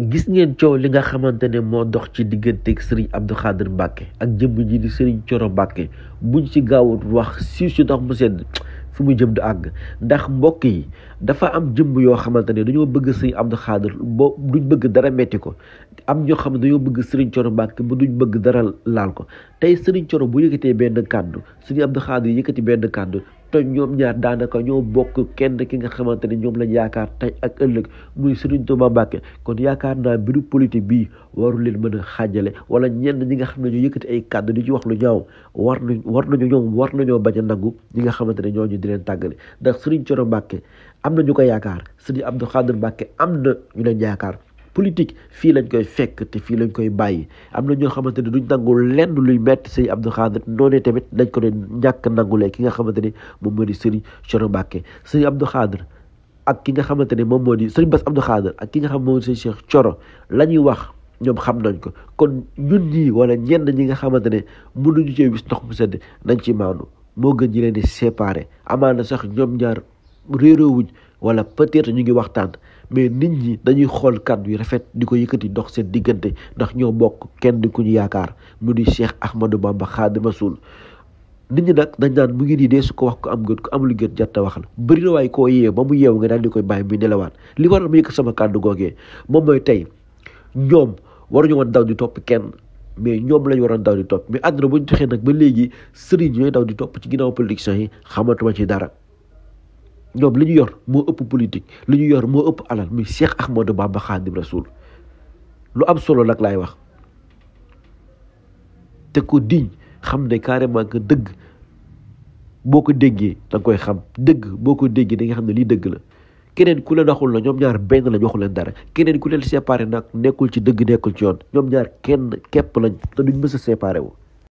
gis ngeen coow li nga xamante ne moo dox ci digganteeg Serigne Abdou Khadir Mbacke ak jëmm ji di Serigne Thioro bu ñu ci gaawut wax si si ndox mu sedd fi mu jëm du àgg ndax mbokk yi dafa am jëmm yoo xamante ne dañoo bëgg Serigne Abdou Khadir boo duñ bëgg dara metti ko am ñoo xam ne dañoo bëgg Serigne Thioro Mbacke bu duñ bëgg dara laal ko tey Serigne Thioro bu yëkkatee benn kàddu Serigne Abdou Khadir yëkkati benn kàddu te ñoom ñaar daanaka ñoo bokk kenn ki nga xamante ne ñoom lañ yaakaar tey ak ëllëg muy Serigne Touba Mbacké kon yaakaar naa mbiru politique bii waru leen mën a xaajale wala ñenn ñi nga xam ne ñu yëkkati ay kàddu di ci wax lu ñaaw war nañ war nañu ñoom war nañoo bañ a nangu ñi nga xamante ne ñooñu di leen tàggale ndax Serigne Thioro Mbacké am na ñu ko yaakaar Serigne Abdou Khadir Mbacké am na ñu leen yaakaar politique fii lañ koy fekk te fii lañ koy bàyyi am na ñoo xamante ne duñ nangul lenn luy metti sëñ Abdou Khadir noonee tamit dañ ko ne ñàkk ki nga xamante ni moom moo di sëriñ Cheikh Mbacké sëriñ Abdou ak ki nga xamante ne moom moo di sëriñ Bass Abdou Khadir ak nga xam moo di sëriñ Cheikh la ñuy wax ñoom xam nañ ko kon ñun ñii wala ñenn ñi nga xamante ne mënuñu cee wis ndox mu sedd nañ ci maandu moo gën ñi leen di séparer amaana sax ñoom ñaar réeroowuñ wala peut-être ñu ngi waxtaan mais nit ñi dañuy xool kàddu yu rafet di ko yëkkati dox seen diggante ndax ñoo bokk kenn ku ñu yaakaar mu di Cheikh Ahmadou Bamba Xaadimu suul nit ñi nag dañ daan mu ngi nii dee su ko wax ko am gën ko amul gën jatta wax la bëri na waaye koo yee ba mu yeew nga daal di koy bàyyi muy nelawaat li waral ma yëkkat sama kàddu googee moom mooy tey ñoom waruñu woon daw di topp kenn mais ñoom lañu waroon daw di topp mais àdduna bu ñu joxee nag ba léegi sëriñ ñooy daw di topp ci ginnaaw politiciens yi xamatuma ci dara ñoom li ñu yor moo ëpp politique li ñu yor moo ëpp alal muy Cheikh Ahmadou Bamba Xaadim Rasul lu am solo nag laay wax te ko diñ xam ne carrément que dëgg boo ko déggee da koy xam dëgg boo ko déggee da nga xam ne lii dëgg la keneen ku leen waxul la ñoom ñaar benn lañ waxu leen dara keneen ku leen séparé nag nekkul ci dëgg nekkul ci yoon ñoom ñaar kenn képp lañ te duñ mës a séparé wu